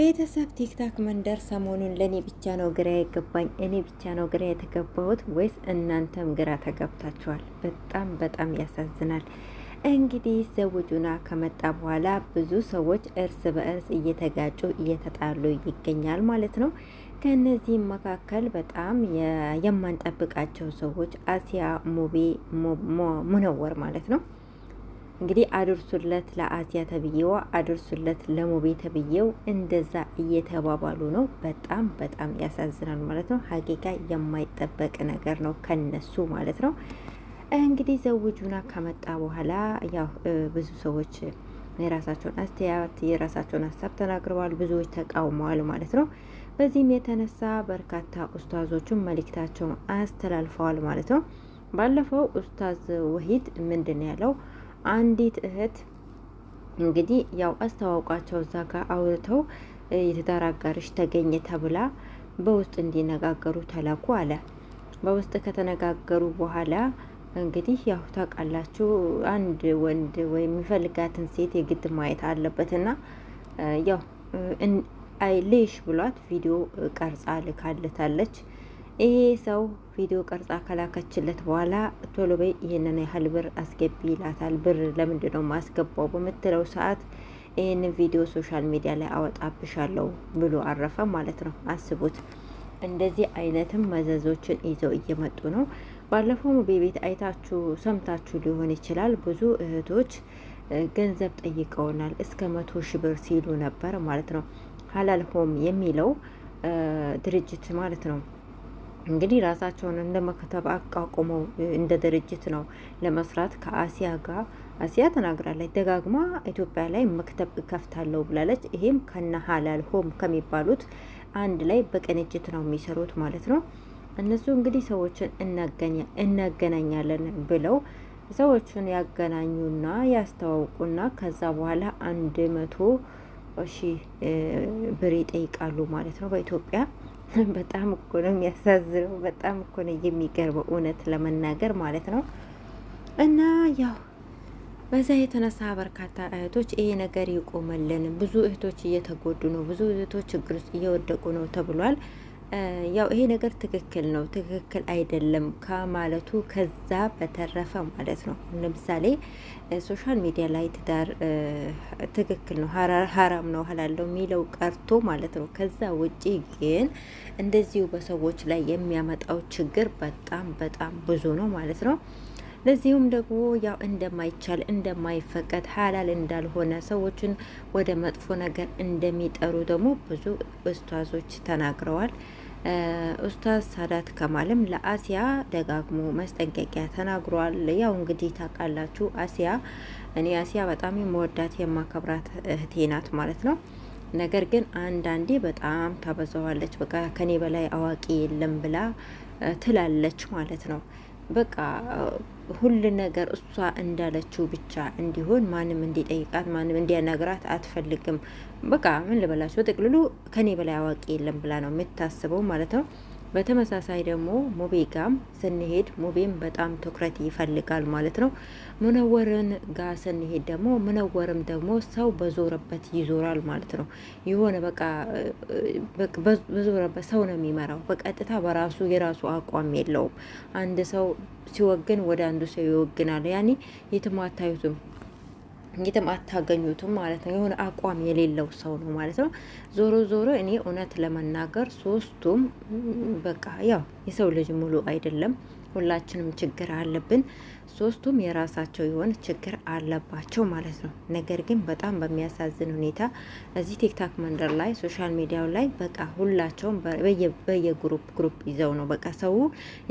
ቤተሰብ ቲክታክ መንደር ሰሞኑን ለእኔ ብቻ ነው ግራ የገባኝ፣ እኔ ብቻ ነው ግራ የተገባሁት ወይስ እናንተም ግራ ተገብታችኋል? በጣም በጣም ያሳዝናል። እንግዲህ ዘውጁና ከመጣ በኋላ ብዙ ሰዎች እርስ በእርስ እየተጋጩ እየተጣሉ ይገኛል ማለት ነው። ከነዚህም መካከል በጣም የማንጠብቃቸው ሰዎች አሲያ ሙቤ ሙነወር ማለት ነው እንግዲህ አድርሱለት ለአሲያ ተብዬዋ አድርሱለት ለሞቤ ተብዬው እንደዛ እየተባባሉ ነው። በጣም በጣም ያሳዝናል ማለት ነው። ሀቂቃ የማይጠበቅ ነገር ነው ከነሱ ማለት ነው። እንግዲህ ዘውጁና ከመጣ በኋላ ያው ብዙ ሰዎች የራሳቸውን አስተያየት የራሳቸውን ሀሳብ ተናግረዋል። ብዙዎች ተቃውመዋል ማለት ነው። በዚህም የተነሳ በርካታ ኡስታዞቹን መልእክታቸውን አስተላልፈዋል ማለት ነው። ባለፈው ኡስታዝ ወሂድ ምንድን ያለው አንዲት እህት እንግዲህ ያው አስተዋውቃቸው እዛ ጋር አውርተው የትዳር አጋርሽ ተገኘ ተብላ በውስጥ እንዲነጋገሩ ተላኩ አለ። በውስጥ ከተነጋገሩ በኋላ እንግዲህ ያው ታውቃላችሁ አንድ ወንድ ወይ የሚፈልጋትን ሴት የግድ ማየት አለበትና ያው አይሌሽ ብሏት ቪዲዮ ቀርጻ ልካልታለች። ይሄ ሰው ቪዲዮ ቀርጻ ከላከችለት በኋላ ቶሎ በይ ይህንን ያህል ብር አስገቢ ይላታል። ብር ለምንድን ነው ማስገባው በምትለው ሰዓት ይህንን ቪዲዮ ሶሻል ሚዲያ ላይ አወጣብሻለሁ ብሎ አረፈ ማለት ነው። አስቡት። እንደዚህ አይነትም መዘዞችን ይዘው እየመጡ ነው። ባለፈው ቤቤት አይታችሁ ሰምታችሁ ሊሆን ይችላል። ብዙ እህቶች ገንዘብ ጠይቀውናል። እስከ መቶ ሺ ብር ሲሉ ነበር ማለት ነው። ሀላል ሆም የሚለው ድርጅት ማለት ነው። እንግዲህ ራሳቸውን እንደ መክተብ አቋቁመው እንደ ድርጅት ነው ለመስራት ከአሲያ ጋር አሲያ ተናግራለች። ደጋግማ ኢትዮጵያ ላይ መክተብ እከፍታለሁ ብላለች። ይሄም ከነ ሀላል ሆም ከሚባሉት አንድ ላይ በቅንጅት ነው የሚሰሩት ማለት ነው። እነሱ እንግዲህ ሰዎችን እናገናኛለን ብለው ሰዎችን ያገናኙና ያስተዋውቁና ከዛ በኋላ አንድ መቶ ሺህ ብር ይጠይቃሉ ማለት ነው በኢትዮጵያ በጣም እኮ ነው የሚያሳዝነው። በጣም እኮ ነው የሚገርመው እውነት ለመናገር ማለት ነው። እና ያው በዛ የተነሳ በርካታ እህቶች ይሄ ነገር ይቆመልን፣ ብዙ እህቶች እየተጎዱ ነው፣ ብዙ እህቶች ችግር ውስጥ እየወደቁ ነው ተብሏል። ያው ይሄ ነገር ትክክል ነው፣ ትክክል አይደለም ከማለቱ ከዛ በተረፈ ማለት ነው። ለምሳሌ ሶሻል ሚዲያ ላይ ትዳር ትክክል ነው፣ ሀራም ነው፣ ሀላለው የሚለው ቀርቶ ማለት ነው። ከዛ ውጪ ግን እንደዚሁ በሰዎች ላይ የሚያመጣው ችግር በጣም በጣም ብዙ ነው ማለት ነው። ለዚሁም ደግሞ ያው እንደማይቻል እንደማይፈቀድ ሀላል እንዳልሆነ ሰዎችን ወደ መጥፎ ነገር እንደሚጠሩ ደግሞ ብዙ ኡስታዞች ተናግረዋል። ኡስታዝ ሳዳት ከማልም ለአሲያ ደጋግሞ መስጠንቀቂያ ተናግሯል። ያው እንግዲህ ታውቃላችሁ አሲያ እኔ አሲያ በጣም የመወዳት የማከብራት እህቴ ናት ማለት ነው። ነገር ግን አንዳንዴ በጣም ታበዛዋለች። በቃ ከኔ በላይ አዋቂ የለም ብላ ትላለች ማለት ነው። በቃ ሁሉ ነገር እሷ እንዳለችው ብቻ እንዲሆን ማንም እንዲጠይቃት ማንም እንዲያናግራት አትፈልግም። በቃ ምን ልበላቸው፣ ጥቅልሉ ከኔ በላይ አዋቂ የለም ብላ ነው የምታስበው ማለት ነው። በተመሳሳይ ደግሞ ሙቤ ጋም ስንሄድ ሙቤም በጣም ትኩረት ይፈልጋል ማለት ነው። ሙነወርን ጋ ስንሄድ ደግሞ ሙነወርም ደግሞ ሰው በዞረበት ይዞራል ማለት ነው። የሆነ በቃ በዞረበት ሰው ነው የሚመራው። በቀጥታ በራሱ የራሱ አቋም የለውም። አንድ ሰው ሲወግን ወደ አንዱ ሰው ይወግናል። ያኔ የትም አታዩትም። እንግዲህም አታገኙትም ማለት ነው። የሆነ አቋም የሌለው ሰው ነው ማለት ነው። ዞሮ ዞሮ እኔ እውነት ለመናገር ሶስቱም በቃ ያው የሰው ልጅ ሙሉ አይደለም። ሁላችንም ችግር አለብን። ሶስቱም የራሳቸው የሆነ ችግር አለባቸው ማለት ነው። ነገር ግን በጣም በሚያሳዝን ሁኔታ እዚህ ቲክታክ መንደር ላይ ሶሻል ሚዲያው ላይ በቃ ሁላቸውም በየግሩፕ ግሩፕ ይዘው ነው በቃ ሰው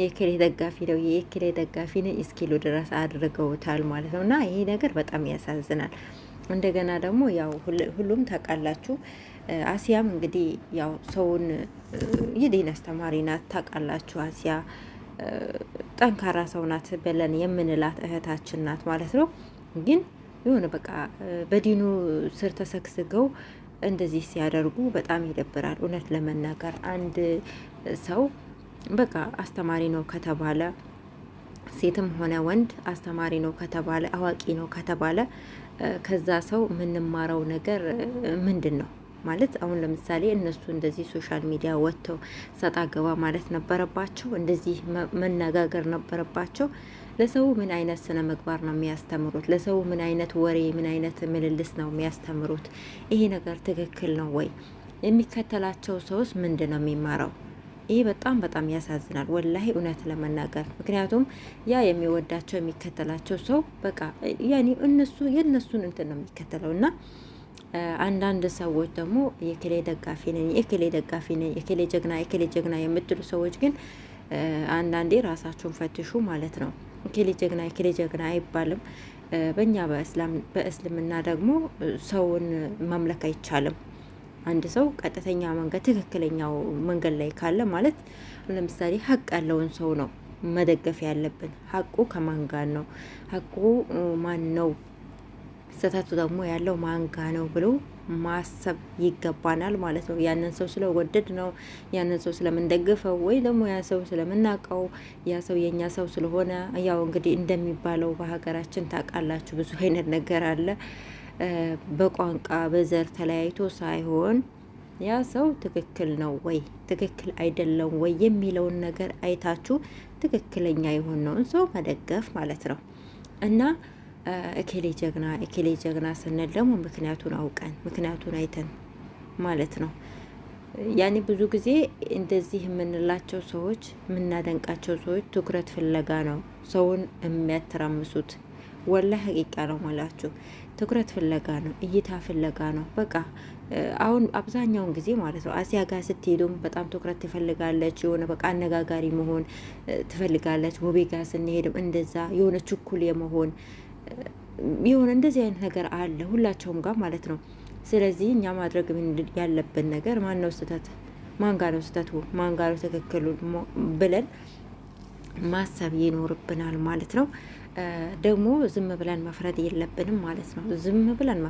የክሌ ደጋፊ ነው የክሌ ደጋፊ ነ እስኪሉ ድረስ አድርገውታል ማለት ነው። እና ይሄ ነገር በጣም ያሳዝናል። እንደገና ደግሞ ያው ሁሉም ታውቃላችሁ አሲያም እንግዲህ ያው ሰውን የዲን አስተማሪ ናት ታውቃላችሁ አሲያ ጠንካራ ሰው ናት ብለን የምንላት እህታችን ናት ማለት ነው። ግን የሆነ በቃ በዲኑ ስር ተሰግስገው እንደዚህ ሲያደርጉ በጣም ይደብራል። እውነት ለመናገር አንድ ሰው በቃ አስተማሪ ነው ከተባለ ሴትም ሆነ ወንድ አስተማሪ ነው ከተባለ አዋቂ ነው ከተባለ ከዛ ሰው የምንማረው ነገር ምንድን ነው? ማለት አሁን ለምሳሌ እነሱ እንደዚህ ሶሻል ሚዲያ ወጥተው ሰጣ ገባ ማለት ነበረባቸው። እንደዚህ መነጋገር ነበረባቸው። ለሰው ምን አይነት ስነ ምግባር ነው የሚያስተምሩት? ለሰው ምን አይነት ወሬ፣ ምን አይነት ምልልስ ነው የሚያስተምሩት? ይሄ ነገር ትክክል ነው ወይ? የሚከተላቸው ሰውስ ምንድን ነው የሚማረው? ይሄ በጣም በጣም ያሳዝናል፣ ወላሂ እውነት ለመናገር ምክንያቱም ያ የሚወዳቸው የሚከተላቸው ሰው በቃ ያኔ እነሱ የእነሱን እንትን ነው የሚከተለው እና አንዳንድ ሰዎች ደግሞ የክሌ ደጋፊ ነኝ የክሌ ደጋፊ ነኝ የክሌ ጀግና የክሌ ጀግና የምትሉ ሰዎች ግን አንዳንዴ ራሳችሁን ፈትሹ ማለት ነው። የክሌ ጀግና የክሌ ጀግና አይባልም። በእኛ በእስልምና ደግሞ ሰውን ማምለክ አይቻልም። አንድ ሰው ቀጥተኛ መንገድ ትክክለኛው መንገድ ላይ ካለ ማለት ለምሳሌ ሀቅ ያለውን ሰው ነው መደገፍ ያለብን። ሀቁ ከማን ጋር ነው? ሀቁ ማን ነው? ስህተቱ ደግሞ ያለው ማንጋ ነው ብሎ ማሰብ ይገባናል ማለት ነው። ያንን ሰው ስለወደድ ነው ያንን ሰው ስለምንደግፈው ወይ ደግሞ ያ ሰው ስለምናውቀው ያ ሰው የእኛ ሰው ስለሆነ ያው እንግዲህ እንደሚባለው በሀገራችን ታውቃላችሁ ብዙ አይነት ነገር አለ። በቋንቋ በዘር ተለያይቶ ሳይሆን ያ ሰው ትክክል ነው ወይ ትክክል አይደለም ወይ የሚለውን ነገር አይታችሁ ትክክለኛ የሆነውን ሰው መደገፍ ማለት ነው እና እኬሌ ጀግና እኬሌ ጀግና ስንል ደግሞ ምክንያቱን አውቀን ምክንያቱን አይተን ማለት ነው። ያኔ ብዙ ጊዜ እንደዚህ የምንላቸው ሰዎች የምናደንቃቸው ሰዎች ትኩረት ፍለጋ ነው ሰውን የሚያተራምሱት። ወላ ሀቂቃ ነው ማላችሁ፣ ትኩረት ፍለጋ ነው፣ እይታ ፍለጋ ነው። በቃ አሁን አብዛኛውን ጊዜ ማለት ነው አሲያ ጋር ስትሄዱም በጣም ትኩረት ትፈልጋለች። የሆነ በቃ አነጋጋሪ መሆን ትፈልጋለች። ውቤ ጋር ስንሄድም እንደዛ የሆነ ችኩል የመሆን የሆነ እንደዚህ አይነት ነገር አለ ሁላቸውም ጋር ማለት ነው። ስለዚህ እኛ ማድረግ ያለብን ነገር ማን ነው ስህተት፣ ማን ነው ስህተቱ፣ ማን ነው ትክክሉ ብለን ማሰብ ይኖርብናል ማለት ነው። ደግሞ ዝም ብለን መፍረድ የለብንም ማለት ነው። ዝም ብለን